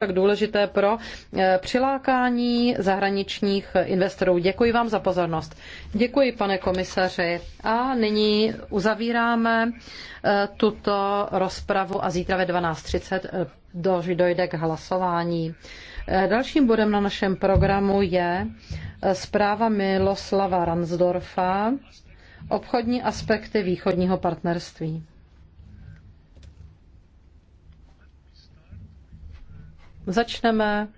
tak důležité pro eh, přilákání zahraničních investorů. Děkuji vám za pozornost. Děkuji, pane komisaři. A nyní uzavíráme eh, tuto rozpravu a zítra ve 12.30 eh, dojde k hlasování. Dalším bodem na našem programu je zpráva Miloslava Ransdorfa obchodní aspekty východního partnerství. Začneme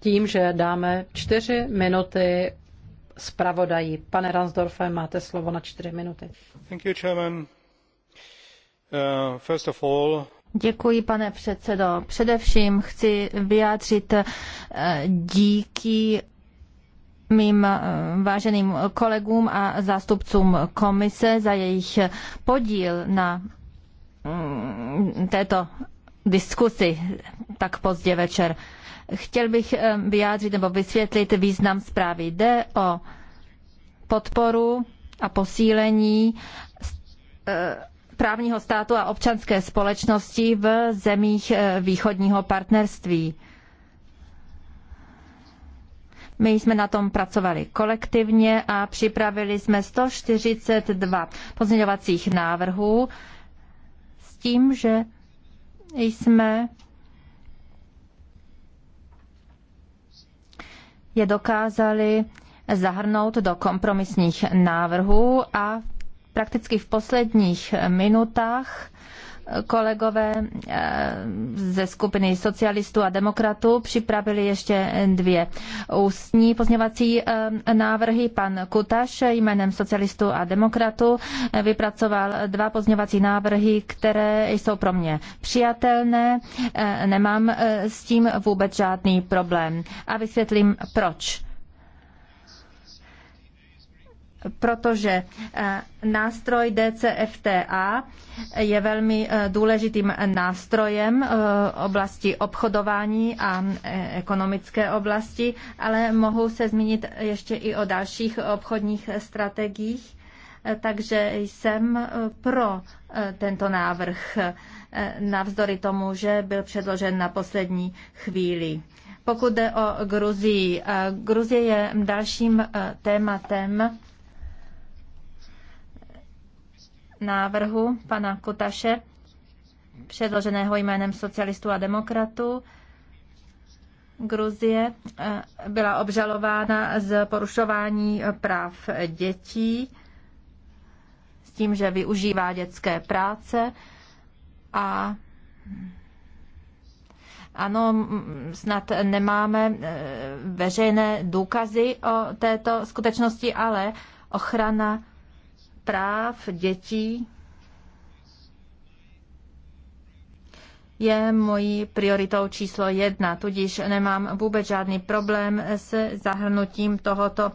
tím, že dáme čtyři minuty zpravodají. Pane Ransdorfe, máte slovo na čtyři minuty. Thank you, chairman. Uh, first of all, Děkuji, pane předsedo. Především chci vyjádřit eh, díky mým eh, váženým kolegům a zástupcům komise za jejich podíl na mm, této diskusi tak pozdě večer. Chtěl bych eh, vyjádřit nebo vysvětlit význam zprávy. Jde o podporu a posílení eh, právního státu a občanské společnosti v zemích eh, východního partnerství. My jsme na tom pracovali kolektivně a připravili jsme 142 pozměňovacích návrhů s tím, že jsme je dokázali zahrnout do kompromisních návrhů a prakticky v posledních minutách kolegové eh, ze skupiny socialistů a demokratů připravili ještě dvě ústní pozněvací eh, návrhy. Pan Kutaš jménem socialistů a demokratů eh, vypracoval dva pozněvací návrhy, které jsou pro mě přijatelné. Nemám s tím vůbec žádný problém. A vysvětlím proč protože eh, nástroj DCFTA je velmi eh, důležitým nástrojem eh, oblasti obchodování a ekonomické oblasti, ale mohu se zmínit ještě i o dalších obchodních strategiích, takže jsem pro tento návrh, navzdory tomu, že byl předložen na poslední chvíli. Pokud jde o Gruzii, Gruzie je dalším tématem, návrhu pana Kutaše, předloženého jménem socialistů a demokratů, Gruzie eh, byla obžalována z porušování práv dětí s tím, že využívá dětské práce a ano, snad nemáme eh, veřejné důkazy o této skutečnosti, ale ochrana práv dětí je mojí prioritou číslo jedna, tudíž nemám vůbec žádný problém se zahrnutím tohoto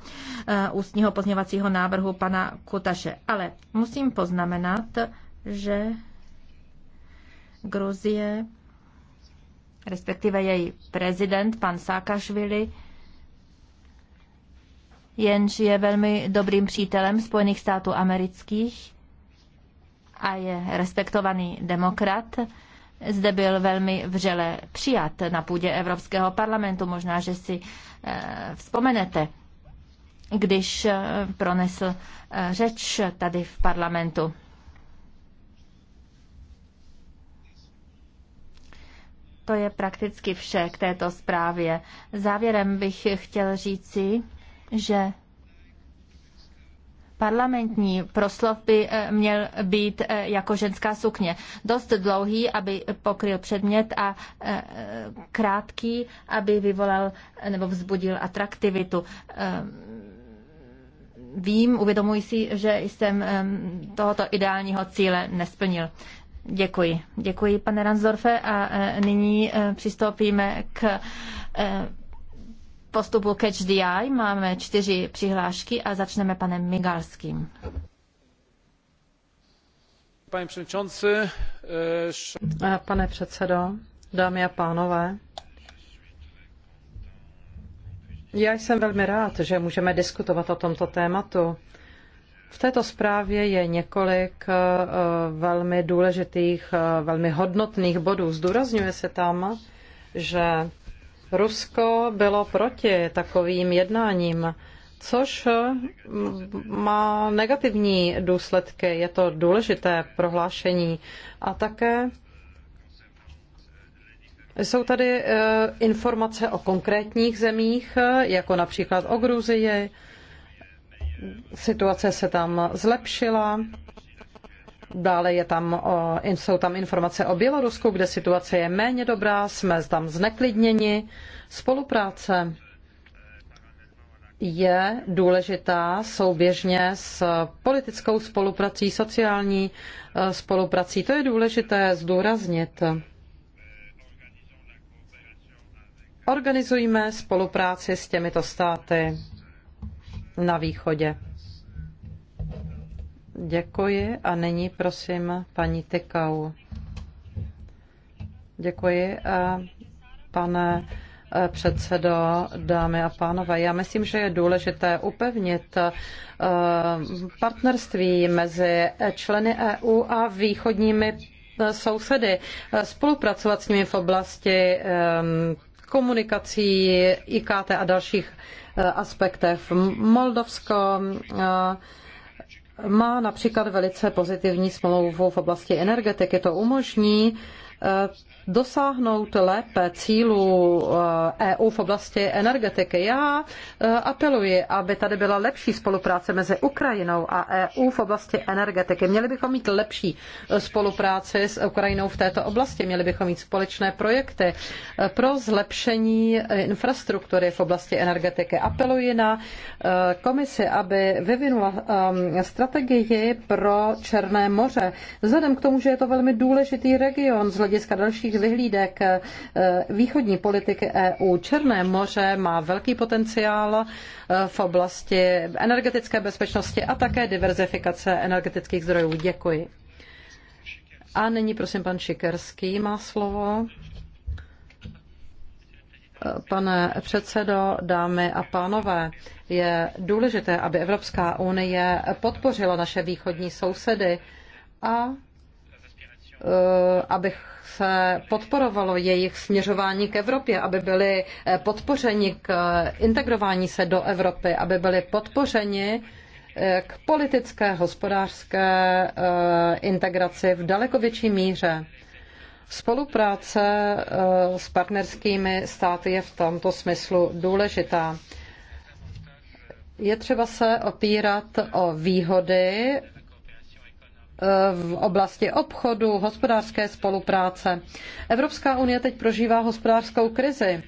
eh, ústního pozněvacího návrhu pana Kutaše. Ale musím poznamenat, že Gruzie, respektive její prezident, pan Sákašvili, jenž je velmi dobrým přítelem Spojených států amerických a je respektovaný demokrat, zde byl velmi vřele přijat na půdě Evropského parlamentu. Možná, že si eh, vzpomenete, když eh, pronesl eh, řeč tady v parlamentu. To je prakticky vše k této zprávě. Závěrem bych chtěl říci, že parlamentní proslov by eh, měl být eh, jako ženská sukně. Dost dlouhý, aby pokryl předmět a eh, krátký, aby vyvolal nebo vzbudil atraktivitu. Vím, uvědomuji si, že jsem tohoto ideálního cíle nesplnil. Děkuji. Děkuji, pane Ransdorfe, a nyní přistoupíme k postupu Catch the Eye. Máme čtyři přihlášky a začneme panem Migalským. E, Pane předsedo, dámy a pánové, já jsem velmi rád, že můžeme diskutovat o tomto tématu. V této zprávě je několik e, velmi důležitých, e, velmi hodnotných bodů. Zdůrazňuje se tam, že Rusko bylo proti takovým jednáním, což eh, má negativní důsledky. Je to důležité prohlášení a také jsou tady eh, informace o konkrétních zemích, eh, jako například o Gruzii. Situace se tam zlepšila. Dále je tam, o, jsou tam informace o Bělorusku, kde situace je méně dobrá, jsme tam zneklidněni. Spolupráce je důležitá souběžně s politickou spoluprací, sociální e, spoluprací. To je důležité zdůraznit. Organizujme spolupráci s těmito státy na východě. Děkuji a nyní prosím paní Tekau. Děkuji, eh, pane eh, předsedo, dámy a pánové. Já myslím, že je důležité upevnit eh, partnerství mezi členy EU a východními sousedy, spolupracovat s nimi v oblasti komunikací, IKT a dalších aspektech. Moldovsko má například velice pozitivní smlouvu v oblasti energetiky. To umožní Eh, dosáhnout lépe cílů EU eh, e v oblasti energetiky. Já eh, apeluji, aby tady byla lepší spolupráce mezi Ukrajinou a EU v oblasti energetiky. Měli bychom mít lepší spolupráci s Ukrajinou v této oblasti. Měli bychom mít společné projekty pro zlepšení infrastruktury v oblasti energetiky. Apeluji na komisi, aby vyvinula strategii pro Černé moře. Vzhledem k tomu, že je to velmi důležitý region z hlediska dalších vyhlídek eh, východní politiky EU. Černé moře má velký potenciál eh, v oblasti energetické bezpečnosti a také diverzifikace energetických zdrojů. Děkuji. A nyní prosím pan Šikerský má slovo. Pane předsedo, dámy a pánové, je důležité, aby Evropská unie podpořila naše východní sousedy a Eh, abych se podporovalo jejich směřování k Evropě, aby byli eh, podpořeni k eh, integrování se do Evropy, aby byli podpořeni k politické, hospodářské integraci v daleko větší míře. Spolupráce s partnerskými státy je v tomto smyslu důležitá. Je třeba se opírat o výhody v oblasti obchodu, hospodářské spolupráce. Evropská unie teď prožívá hospodářskou krizi.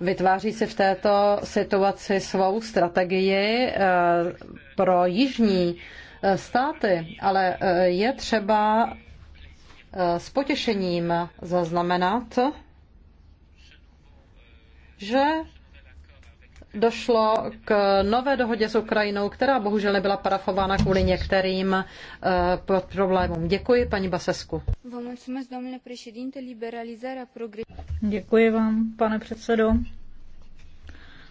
Vytváří si v této situaci svou strategii eh, pro jižní eh, státy, ale eh, je třeba s potěšením zaznamenat, že došlo k nové dohodě s Ukrajinou, která bohužel nebyla parafována kvůli některým eh, problémům. Děkuji, paní Basesku. Děkuji vám, pane předsedo.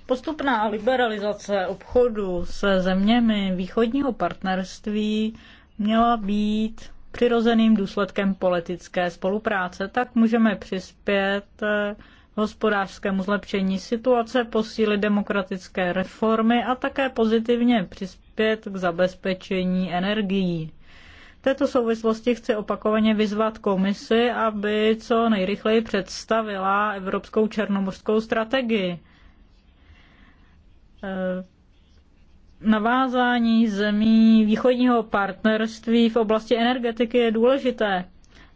Postupná liberalizace obchodu se zeměmi východního partnerství měla být přirozeným důsledkem politické spolupráce. Tak můžeme přispět eh, hospodářskému zlepšení situace, posílit demokratické reformy a také pozitivně přispět k zabezpečení energií. V této souvislosti chci opakovaně vyzvat komisi, aby co nejrychleji představila Evropskou černomorskou strategii. E, navázání zemí východního partnerství v oblasti energetiky je důležité.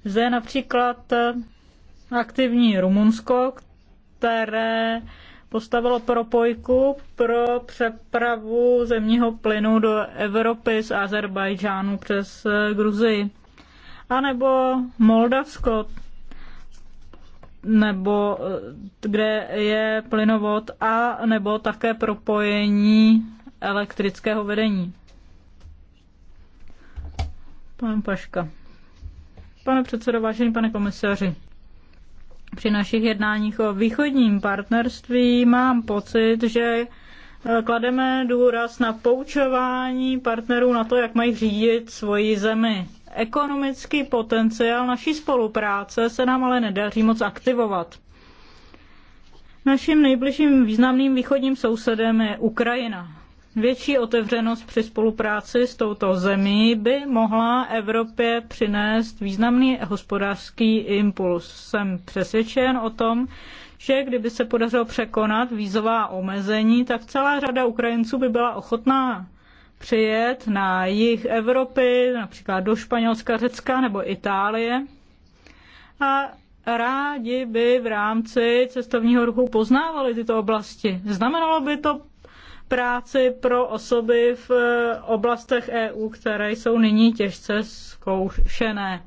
Zde je například aktivní Rumunsko, které postavilo propojku pro přepravu zemního plynu do Evropy z Azerbajdžánu přes eh, Gruzii. A nebo Moldavsko, nebo eh, kde je plynovod a nebo také propojení elektrického vedení. Pan Paška. Pane předsedo, vážený pane komisaři, při našich jednáních o východním partnerství mám pocit, že eh, klademe důraz na poučování partnerů na to, jak mají řídit svoji zemi. Ekonomický potenciál naší spolupráce se nám ale nedaří moc aktivovat. Naším nejbližším významným východním sousedem je Ukrajina. Větší otevřenost při spolupráci s touto zemí by mohla Evropě přinést významný hospodářský impuls. Jsem přesvědčen o tom, že kdyby se podařilo překonat vízová omezení, tak celá řada Ukrajinců by byla ochotná přijet na jih Evropy, například do Španělska, Řecka nebo Itálie. A rádi by v rámci cestovního ruchu poznávali tyto oblasti. Znamenalo by to práci pro osoby v eh, oblastech EU, které jsou nyní těžce zkoušené.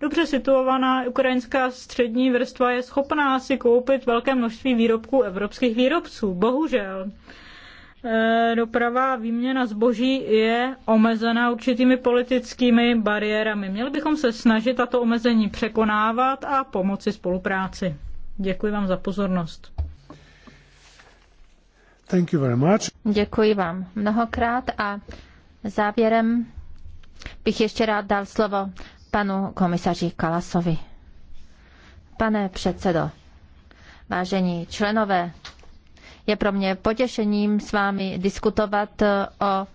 Dobře situovaná ukrajinská střední vrstva je schopná si koupit velké množství výrobků evropských výrobců. Bohužel eh, doprava a výměna zboží je omezená určitými politickými bariérami. Měli bychom se snažit tato omezení překonávat a pomoci spolupráci. Děkuji vám za pozornost. Thank you very much. Děkuji vám mnohokrát a závěrem bych ještě rád dal slovo panu komisaři Kalasovi. Pane předsedo, vážení členové, je pro mě potěšením s vámi diskutovat o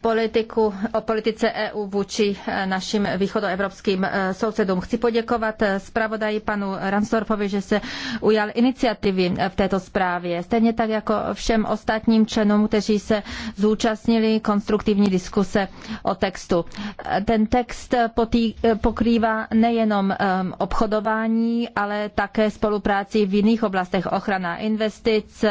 politiku, o politice EU vůči eh, našim východoevropským eh, sousedům. Chci poděkovat eh, zpravodaji panu Ransdorfovi, že se ujal iniciativy v této zprávě. Stejně tak jako všem ostatním členům, kteří se zúčastnili konstruktivní diskuse o textu. Ten text potý, pokrývá nejenom obchodování, ale také spolupráci v jiných oblastech ochrana investic,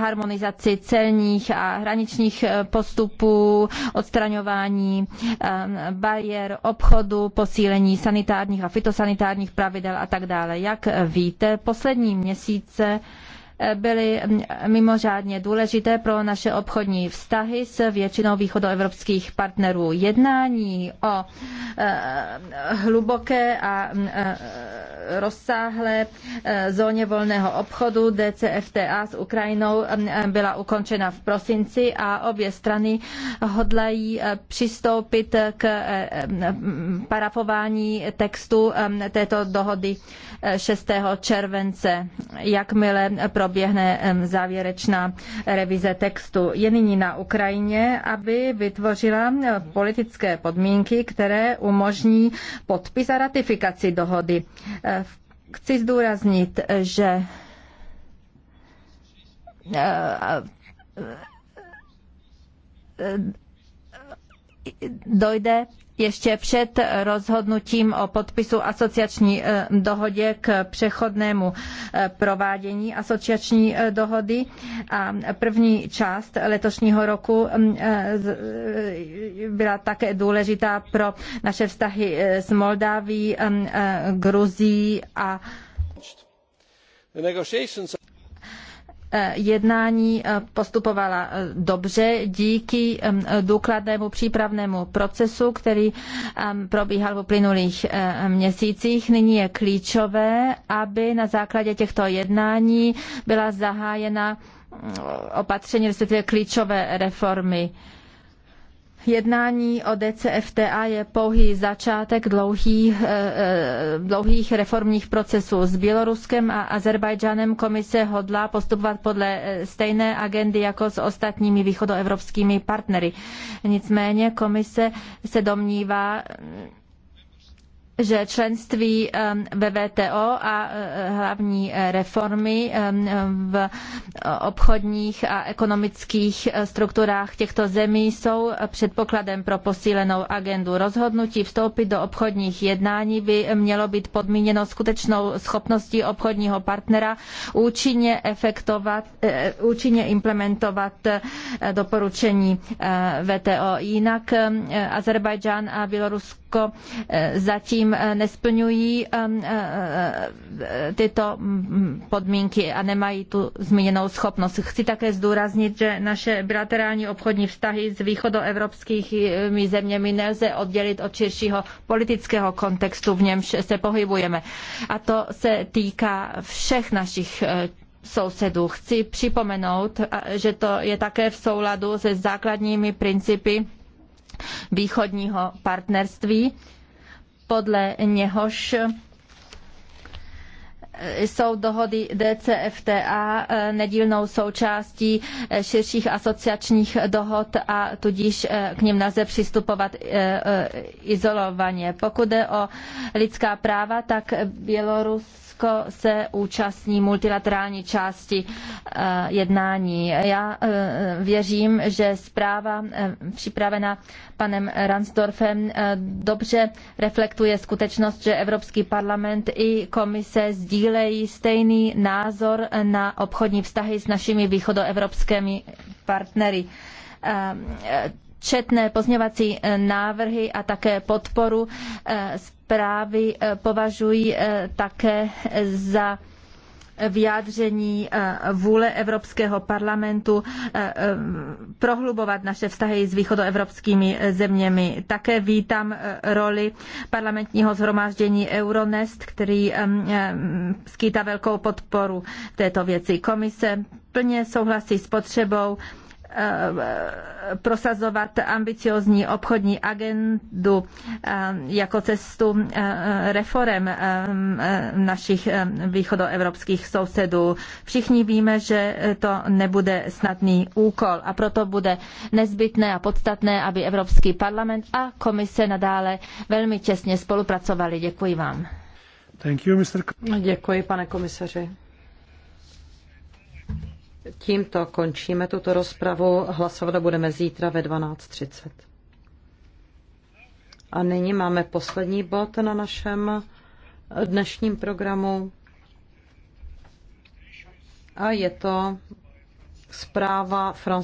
harmonizaci celních a hraničních postupů postupů, odstraňování ehm, bariér obchodu, posílení sanitárních a fitosanitárních pravidel a tak dále. Jak víte, poslední měsíce Eh, byly mm, mimořádně důležité pro naše obchodní vztahy s většinou východoevropských partnerů. Jednání o eh, hluboké a mm, eh, rozsáhlé zóně volného obchodu DCFTA s Ukrajinou mm, byla ukončena v prosinci a obě strany hodlají přistoupit k parafování textu této dohody 6. července, jakmile pro proběhne závěrečná revize textu. Je nyní na Ukrajině, aby vytvořila politické podmínky, které umožní podpis a ratifikaci dohody. Chci zdůraznit, že dojde ještě před rozhodnutím o podpisu asociační eh, dohodě k přechodnému eh, provádění asociační eh, dohody a první část letošního roku mm, byla také důležitá pro naše vztahy s Moldáví, mm, Gruzí a Eh, jednání eh, postupovala eh, dobře díky důkladnému přípravnému procesu, který probíhal v uplynulých měsících. Nyní je klíčové, aby na základě těchto jednání byla zahájena mm, opatření, respektive klíčové reformy. Jednání o DCFTA je pouhý začátek dlouhých, eh, eh, dlouhých reformních procesů. S Běloruskem a Azerbajdžanem komise hodlá postupovat podle eh, stejné agendy jako s ostatními východoevropskými partnery. Nicméně komise se domnívá, že členství ehm, ve VTO a eh, hlavní eh, reformy ehm, v obchodních a ekonomických eh, strukturách těchto zemí jsou předpokladem pro posílenou agendu. Rozhodnutí vstoupit do obchodních jednání by mělo být podmíněno skutečnou schopností obchodního partnera účinně, efektovat, účinně implementovat doporučení VTO. Jinak ehm, Azerbajdžán a Bělorusko zatím zatím eh, nesplňují ehm, eh, eh, tyto mm, mm, podmínky a nemají tu zmíněnou schopnost. Chci také zdůraznit, že naše bilaterální obchodní vztahy s východoevropskými zeměmi nelze oddělit od širšího politického kontextu, v němž se pohybujeme. A to se týká všech našich sousedů. Chci připomenout, že to je také v souladu se základními principy východního partnerství podle něhož jsou dohody DCFTA eh, nedílnou součástí eh, širších asociačních dohod a tudíž eh, k nim naze přistupovat izolovaně. Pokud jde o lidská práva, tak Bělorus Rusko se účastní multilaterální části eh, jednání. Já eh, věřím, že zpráva eh, připravená panem Ransdorfem dobře reflektuje skutečnost, že Evropský parlament i komise sdílejí stejný názor na obchodní vztahy s našimi východoevropskými partnery četné pozměvací návrhy a také podporu z zprávy eh, považuji eh, také za vyjádření eh, vůle Evropského parlamentu prohlubovat naše vztahy s východoevropskými zeměmi. Také vítám roli parlamentního zhromáždění Euronest, který skýtá velkou podporu této věci. Komise plně souhlasí s potřebou Eh, prosazovat ambiciozní obchodní agendu eh, jako cestu eh, reform našich východoevropských sousedů. Všichni víme, že to nebude snadný úkol a proto bude nezbytné a podstatné, aby Evropský parlament a komise nadále velmi těsně spolupracovali. Děkuji vám. Thank you, Mr. Děkuji, pane komisaři. Tímto končíme tuto rozpravu. Hlasovat budeme zítra ve 12.30. A nyní máme poslední bod na našem dnešním programu. A je to zpráva Francouz.